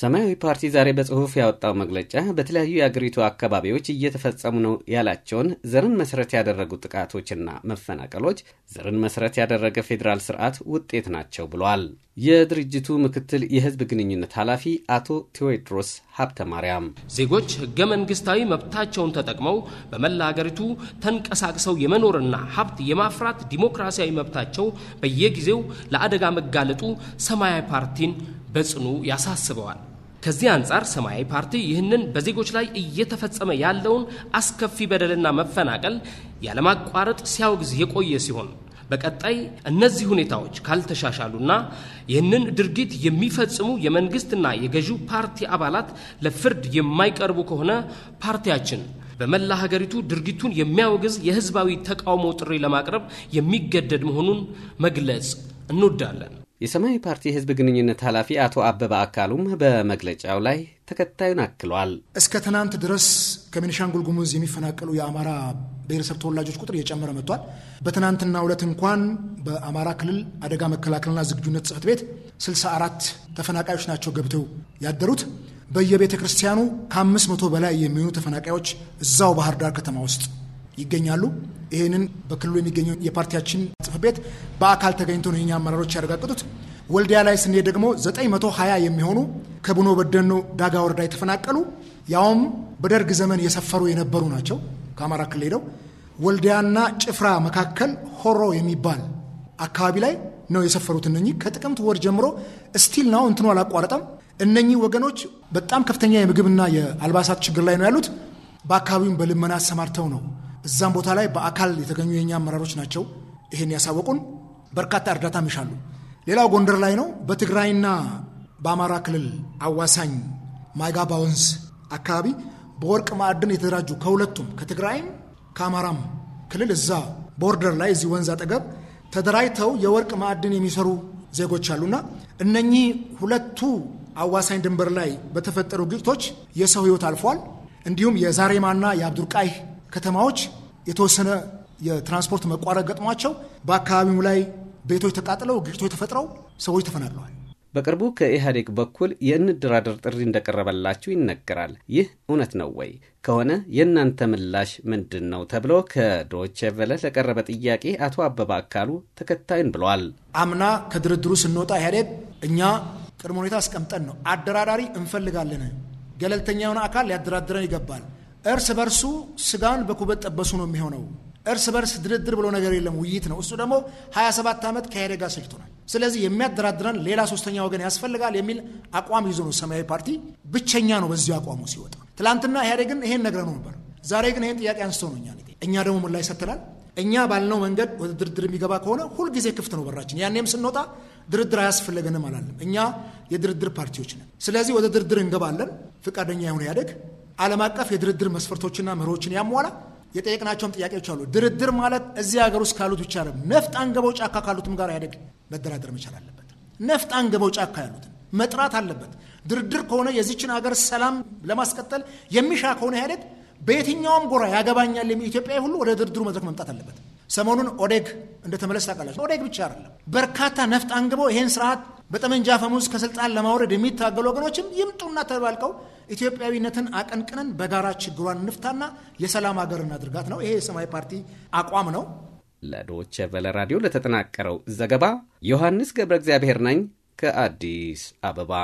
ሰማያዊ ፓርቲ ዛሬ በጽሑፍ ያወጣው መግለጫ በተለያዩ የአገሪቱ አካባቢዎች እየተፈጸሙ ነው ያላቸውን ዘርን መሰረት ያደረጉ ጥቃቶችና መፈናቀሎች ዘርን መሰረት ያደረገ ፌዴራል ስርዓት ውጤት ናቸው ብሏል። የድርጅቱ ምክትል የህዝብ ግንኙነት ኃላፊ አቶ ቴዎድሮስ ሀብተ ማርያም ዜጎች ህገ መንግስታዊ መብታቸውን ተጠቅመው በመላ አገሪቱ ተንቀሳቅሰው የመኖርና ሀብት የማፍራት ዲሞክራሲያዊ መብታቸው በየጊዜው ለአደጋ መጋለጡ ሰማያዊ ፓርቲን በጽኑ ያሳስበዋል። ከዚህ አንጻር ሰማያዊ ፓርቲ ይህንን በዜጎች ላይ እየተፈጸመ ያለውን አስከፊ በደልና መፈናቀል ያለማቋረጥ ሲያወግዝ የቆየ ሲሆን በቀጣይ እነዚህ ሁኔታዎች ካልተሻሻሉና ይህንን ድርጊት የሚፈጽሙ የመንግስትና የገዢው ፓርቲ አባላት ለፍርድ የማይቀርቡ ከሆነ ፓርቲያችን በመላ ሀገሪቱ ድርጊቱን የሚያወግዝ የህዝባዊ ተቃውሞ ጥሪ ለማቅረብ የሚገደድ መሆኑን መግለጽ እንወዳለን። የሰማያዊ ፓርቲ የህዝብ ግንኙነት ኃላፊ አቶ አበበ አካሉም በመግለጫው ላይ ተከታዩን አክሏል። እስከ ትናንት ድረስ ከቤኒሻንጉል ጉሙዝ የሚፈናቀሉ የአማራ ብሔረሰብ ተወላጆች ቁጥር እየጨመረ መጥቷል። በትናንትናው ዕለት እንኳን በአማራ ክልል አደጋ መከላከልና ዝግጁነት ጽፈት ቤት 64 ተፈናቃዮች ናቸው ገብተው ያደሩት። በየቤተ ክርስቲያኑ ከአምስት መቶ በላይ የሚሆኑ ተፈናቃዮች እዛው ባህር ዳር ከተማ ውስጥ ይገኛሉ። ይህንን በክልሉ የሚገኘው የፓርቲያችን ጽሕፈት ቤት በአካል ተገኝቶ ነው የኛ አመራሮች ያረጋገጡት። ወልዲያ ላይ ስንሄድ ደግሞ 920 የሚሆኑ ከቡኖ በደኖ ዳጋ ወረዳ የተፈናቀሉ ያውም በደርግ ዘመን የሰፈሩ የነበሩ ናቸው። ከአማራ ክልል ሄደው ወልዲያና ጭፍራ መካከል ሆሮ የሚባል አካባቢ ላይ ነው የሰፈሩት። እነኚህ ከጥቅምት ወር ጀምሮ ስቲል ነው እንትኑ አላቋረጠም። እነኚህ ወገኖች በጣም ከፍተኛ የምግብና የአልባሳት ችግር ላይ ነው ያሉት። በአካባቢውም በልመና አሰማርተው ነው እዛም ቦታ ላይ በአካል የተገኙ የእኛ አመራሮች ናቸው ይህን ያሳወቁን። በርካታ እርዳታም ይሻሉ። ሌላው ጎንደር ላይ ነው። በትግራይና በአማራ ክልል አዋሳኝ ማይጋባ ወንዝ አካባቢ በወርቅ ማዕድን የተደራጁ ከሁለቱም ከትግራይም ከአማራም ክልል እዛ ቦርደር ላይ እዚህ ወንዝ አጠገብ ተደራጅተው የወርቅ ማዕድን የሚሰሩ ዜጎች አሉና እነኚህ ሁለቱ አዋሳኝ ድንበር ላይ በተፈጠሩ ግጭቶች የሰው ሕይወት አልፏል። እንዲሁም የዛሬማና የአብዱርቃይ ከተማዎች የተወሰነ የትራንስፖርት መቋረጥ ገጥሟቸው በአካባቢው ላይ ቤቶች ተቃጥለው ግጭቶች ተፈጥረው ሰዎች ተፈናቅለዋል። በቅርቡ ከኢህአዴግ በኩል የእንደራደር ጥሪ እንደቀረበላችሁ ይነገራል። ይህ እውነት ነው ወይ? ከሆነ የእናንተ ምላሽ ምንድን ነው ተብሎ ከዶቼ ቬለ ለቀረበ ጥያቄ አቶ አበባ አካሉ ተከታዩን ብለዋል። አምና ከድርድሩ ስንወጣ ኢህአዴግ እኛ ቅድመ ሁኔታ አስቀምጠን ነው አደራዳሪ እንፈልጋለን፣ ገለልተኛ የሆነ አካል ሊያደራድረን ይገባል እርስ በርሱ ስጋን በኩበት ጠበሱ ነው የሚሆነው። እርስ በርስ ድርድር ብሎ ነገር የለም፣ ውይይት ነው። እሱ ደግሞ 27 ዓመት ከኢህአዴግ ጋር ሰልችቶናል። ስለዚህ የሚያደራድረን ሌላ ሶስተኛ ወገን ያስፈልጋል የሚል አቋም ይዞ ነው ሰማያዊ ፓርቲ ብቸኛ ነው በዚህ አቋሙ ሲወጣ። ትላንትና ኢህአዴግን ይሄን ነው ነበር። ዛሬ ግን ይህን ጥያቄ አንስቶ ነው እኛ እኛ ደግሞ ሙላ ይሰትላል እኛ ባልነው መንገድ ወደ ድርድር የሚገባ ከሆነ ሁልጊዜ ክፍት ነው በራችን። ያኔም ስንወጣ ድርድር አያስፈለገንም አላለም። እኛ የድርድር ፓርቲዎች ነን። ስለዚህ ወደ ድርድር እንገባለን። ፍቃደኛ የሆነ ኢህአዴግ ዓለም አቀፍ የድርድር መስፈርቶችና መርሆችን ያሟላ የጠየቅናቸውም ጥያቄዎች አሉ። ድርድር ማለት እዚህ ሀገር ውስጥ ካሉት ብቻ ነው። ነፍጥ አንገበው ጫካ ካሉትም ጋር ያደግ መደራደር መቻል አለበት። ነፍጥ አንገበው ጫካ ያሉትን መጥራት አለበት። ድርድር ከሆነ የዚችን ሀገር ሰላም ለማስቀጠል የሚሻ ከሆነ ኢህአዴግ በየትኛውም ጎራ ያገባኛል የሚል ኢትዮጵያዊ ሁሉ ወደ ድርድሩ መድረክ መምጣት አለበት። ሰሞኑን ኦዴግ እንደተመለስ ታውቃላችሁ። ኦዴግ ብቻ አይደለም፣ በርካታ ነፍጥ አንግበው ይህን ስርዓት በጠመንጃ ፈሙዝ ከስልጣን ለማውረድ የሚታገሉ ወገኖችም ይምጡና ተባልቀው ኢትዮጵያዊነትን አቀንቅነን በጋራ ችግሯን እንፍታና የሰላም ሀገር እናድርጋት ነው። ይሄ የሰማያዊ ፓርቲ አቋም ነው። ለዶቼ ቬለ ራዲዮ ለተጠናቀረው ዘገባ ዮሐንስ ገብረ እግዚአብሔር ነኝ ከአዲስ አበባ።